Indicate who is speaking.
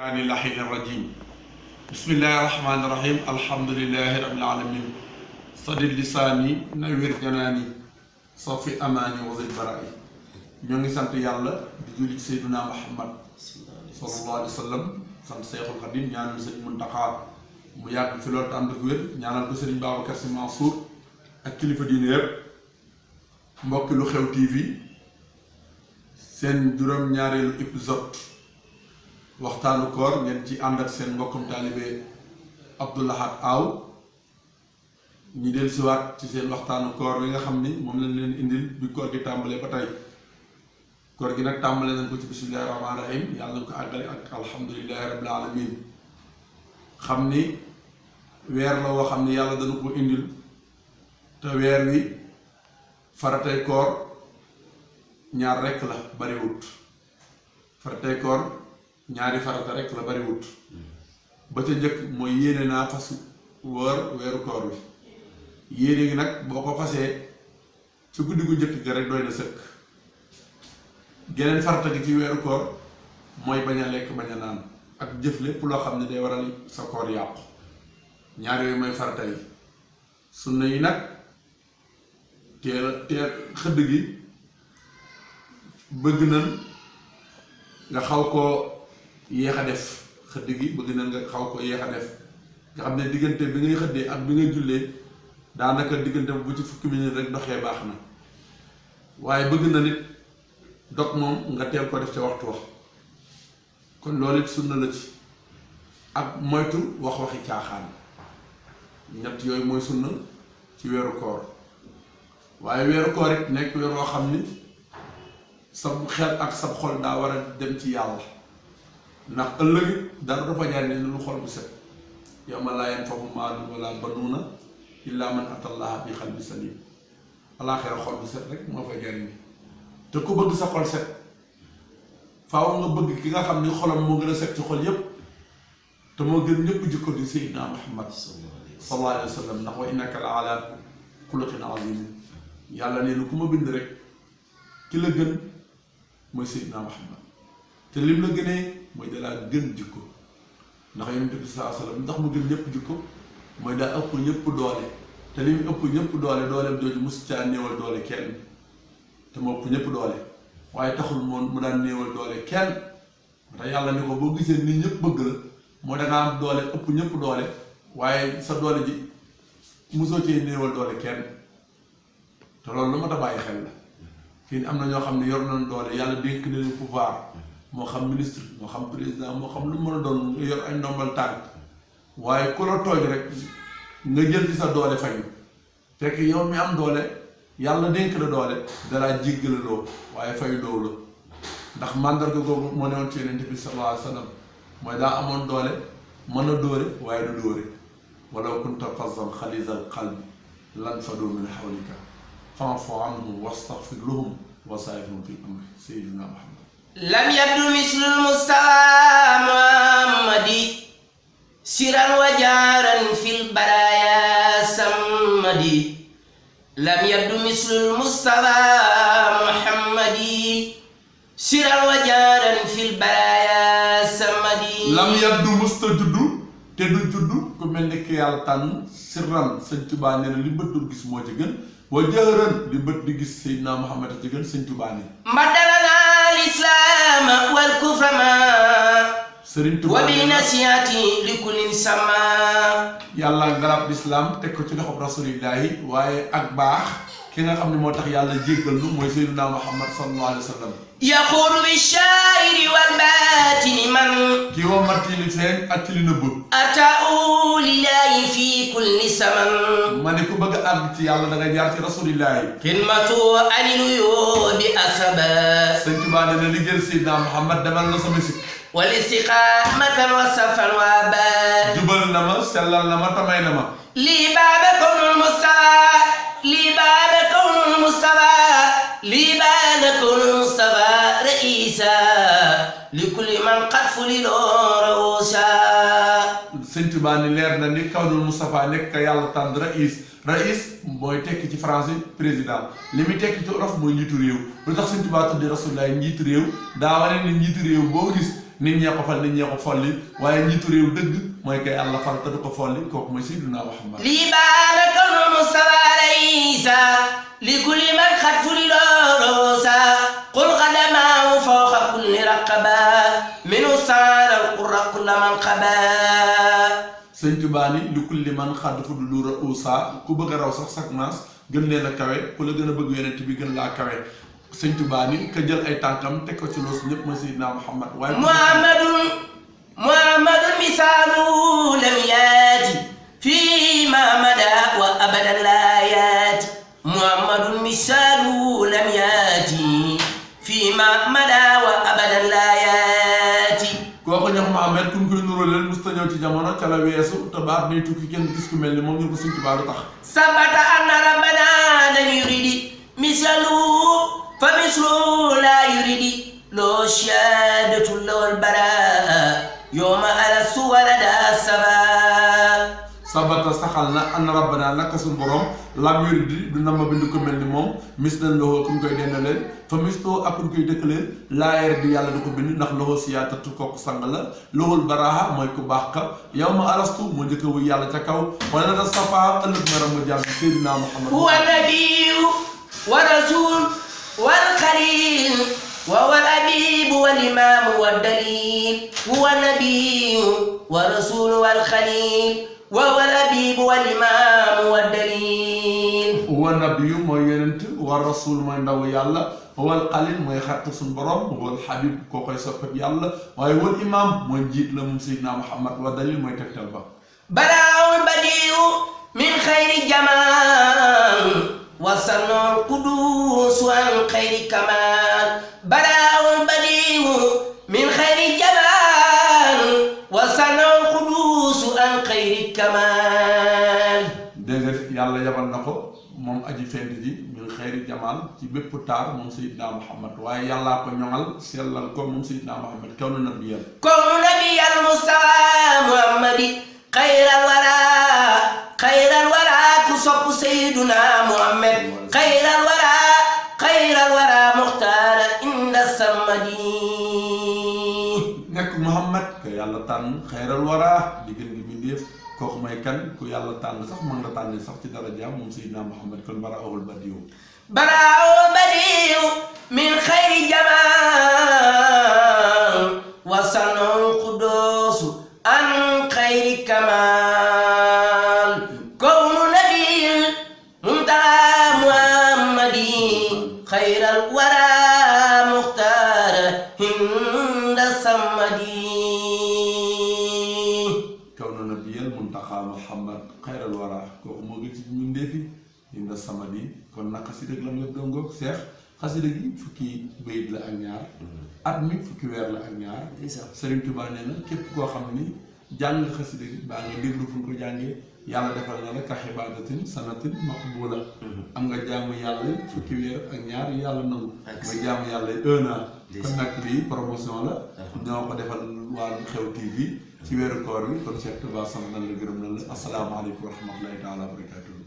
Speaker 1: ani lahin rajim bismillahi rahmani alhamdulillahi rabbil alamin sadid lisaani nawir janaani safi amaani wa zid ñoo ngi sant yàlla di julli ci sayduna muhammad sallallahu alayhi wa sallam ñaanal sëriñ muntaxa mu yàgg fi loolu te ànd ak ñaanal ko sëriñ babacar si mansour ak kilifa diine yëpp mbokki lu xew tv seen juróom-ñaareelu épisode waxtaanu koor ngeen ci ànd ak seen mbokkum taalibe Abdou Lahad Aw ñu del siwaat ci seen waxtaanu koor wi nga xam ni moom lañ leen indil bi koor gi tàmbalee ba tey koor gi nag tàmbalee nañ ko ci bismillahi rahmaani rahim yàlla nañ ko àggale ak alhamdulilahi rabbil alamin xam ni weer la woo xam ni yàlla dana ko indil te weer wi faratay koor ñaar rekk la bariwut faratay koor ñaari farata rek la bari wut ba ca njëkk mooy yéene naa fas wër weeru koor wi yéene gi nag boo ko fasee ci guddi gu njëkk ga rek doy na sëkk geneen farata gi ci weeru koor mooy bañ a lekk bañ a naan ak jëf lépp loo xam ne day waral sa koor yàqu ñaar yooyu mooy farata yi sunna yi nag teel xëdd gi bëgg nan nga xaw ko yéex a def xëdd gi bëgg na nga xaw ko yéex def nga xam ne diggante bi ngay xëddee ak bi ngay jullee daanaka diggante bu ci fukki minute rek doxee baax na waaye bëgg na nit dog moom nga teel ko def ca waxtu wax kon loolu it sunna la ci ak moytu wax waxi caaxaan ñett yooyu mooy sunna ci weeru koor waaye weeru koor it nekk weer xam ni sa xel ak sa xol daa war a dem ci yàlla ndax ëllëg dara dafa jaar ni lu xol bu set yawma laa yanfa'u maalun wala banuuna illaa man atallaaha bi qalbin saliim alaaxira xol bu set rek moo fay jariñ te ku bëgg sa xol set faaw nga bëgg ki nga xam ni xolam moo gën a set ci xol yépp te moo gën ñëpp jikko di Seydina Muhammad sallallahu alayhi wa sallam ndax wa yàlla nee na ku ma bind rek ki la gën mooy Seydina Muhammad te lim la gënee mooy dalaa gën jikko ndax yonent bi saa sallam ndax mu gën ñëpp jikko mooy daa ëpp ñëpp doole te li mu ëpp ñëpp doole dooleem jooju mos caa néewal doole kenn te mu ëpp ñëpp doole waaye taxul moom mu daan néewal doole kenn moo tax ko boo gisee nit ñëpp bëgg la moo da nga am ëpp ñëpp doole waaye sa doole ji mosoo cee néewal doole kenn te loolu lu ma ta bàyyi xel la fii am na ñoo xam ne yor nañ doole yàlla dénk na leen pouvoir moo xam ministre moo xam président moo xam lu mën a doon nga yor ay ndombal tànk waaye ku la tooj rek nga jël ci sa doole fayu fekk yow mi am doole yàlla dénk la doole daraa jéggalaloo waaye fayu loo la ndax màndarga googu moo newoon ci yonent bi sallallahu alayhi wa sallam mooy daa amoon doole mën a dóore waaye du dóore walaw kunta fazzan xalizal qalbi lanfaddu min hawlika fa'fu anhum wastaghfir lahum wa saahibhum fil amri sayyidina Muhammad
Speaker 2: lam yaddu mislul mustafa muhammadi siran wa jaaran fil baraya sammadi lam yaddu mislul mustafa muhammadi siran wa jaaran fil baraya sammadi lam
Speaker 1: yaddu musta juddu te du juddu ku mel ni ki yàlla tànn siran sëñ Tuubaa nee na li bët dul gis moo ci gën wa jaaran li bët di gis Seydina Muhammad a ci gën sëñ Tuubaa ne
Speaker 2: ma dalana الإسلام والكفر ما
Speaker 1: Sëriñ Tuubaa wa bi nasiati
Speaker 2: li kulli sama
Speaker 1: yàlla ngarab lislaam teg ko ci loxob rasulillahi waaye ak baax ki nga xam ne moo tax yàlla jéggal nu mooy sayyiduna Muhammad sallallahu alayhi wa sallam
Speaker 2: yaqulu bi shaa'iri wal baatini
Speaker 1: man ki woo mat ci li feeñ ak ci li nëbb ata'u lillahi fi kulli saman ma ne ku bëgg a àgg ci yàlla da nga jaar ci rasulillahi xidmatu alilu yoo bi asaba sëñ Tuubaa dana liggéeyal sayyiduna Muhammad demal la sama sikk wal
Speaker 2: istiqaamatan wa safan wa baa jubal
Speaker 1: na ma sellal na ma tamay na ma
Speaker 2: lii baabakum musaa لي بابك المصطفى لي بابك المصطفى رئيسا لكل من قد فلل رؤوسا
Speaker 1: Sëñ Tuubaa ni leer na ni kawnul Moustapha nekk yàlla tànn raïs raïs mooy tekki ci français président li muy tekki ci olof mooy njiitu réew lu tax Sëñ Tuubaa tuddi rasulullaay njiitu réew daa wane njiitu réew boo gis nit ñee ko fal nit ñee ko folli waaye njiitu réew dëgg mooy kay yàlla fal du ko folli kooku mooy Seydunaa Muhammad
Speaker 2: ليس لكل من قد فرض روسا قل قدماه فوق كل رقبة منه صار القرى كل من قبا
Speaker 1: sëñ Tuubaa ni li kulli man xadd fu lu ruusa ku bëgg a raw sax sax maas gën leen a kawe ku la gën a bëgg yonent bi gën laa kawe sëñ Tuubaa ni ka jël ay tànkam teg ko ci loos ñëpp ma Seydina Muhammad waaye
Speaker 2: Muhammadun
Speaker 1: Ahmed ku ñu koy nuróo leen mës ta ñëw ci jamono ca la weesu te baat day tukki kenn gis ku mel ni moom ñu ko suñ tubaa du tax
Speaker 2: sabata anna rabbana lam yuridi misluhu fa misluhu la yuridi loo shaadatu lawal bara yowma ala suwalada saba
Speaker 1: sabata saxal na an rabbana naka suñu borom lam yuridi du nama bind ko mel ni moom mis nañ loxo ku mu koy dend leen fa mistoo ak ku koy dëkkaleen laa yar di yàlla du ko bind ndax loxo si yaatatu kooku sang la loxol baraaxa mooy ku baax ka yow ma arastu moo njëkk wuy yàlla ca kaw wala na safa ëllëg meram ma jàng seydina muhammad huwa
Speaker 2: nabiyu wa rasul wal xarim wa wal abibu wal imaamu wa dalil huwa nabiyu wa rasul wal xalim وهو الأبيب
Speaker 1: والإمام والدليل هو النبي ما ينت والرسول ما ينو يلا هو القليل ما يخط سن بروم هو الحبيب كو كاي سوبك يلا واي هو الإمام ما نجيت لهم سيدنا محمد والدليل ما يتكتل با
Speaker 2: بلاء البديع من خير جمال وصنع القدوس عن خير كمال
Speaker 1: xayri jamaal ci bépp taar moom Seydina Muhammad waaye yàllaa ko ñoŋal sellal ko moom Seydina Muhammad kaw na nabiyal
Speaker 2: kaw nabiyal Mustafa Muhammadi xayral wara xayral wara ku sopp Seydina Muhammad xayral wara xayral wara muxtaara inda samadi
Speaker 1: nekk Muhammad ka yàlla tànn xayral wara di gën gi mbindéef kooku mooy kan ku yàlla tànn sax mën la tànn sax ci darajaam moom Seydina Muhammad kon baraawul badiyu
Speaker 2: baraawul badiyu min xayri
Speaker 1: jamaa wa sanul
Speaker 2: qudoosu an xayri kamaa
Speaker 1: nabiyal muntaxa muhammad xayral wara kooku moo gën ci ñun ndeefi inda samadi kon nag xasida gi la mu yëpp seex xasida gi fukki bayit la ak ñaar mhm. at mi fukki weer la ak ñaar Serigne Touba nee na képp koo xam ni jàng xasida gi baa nga déglu fu ko jàngee yàlla defal na la ka xibaadatin sanatin maqbula mhm. am nga jaamu yàlla fukki weer ak ñaar yàlla nangu nga jaamu yàlla un kon nag lii promotion la ñoo ko defal waa xew TV ci weeru koor bi kon Cheikh Touba sant nan la gërëm nan la asalaamaaleykum wa rahmatulahi
Speaker 2: taala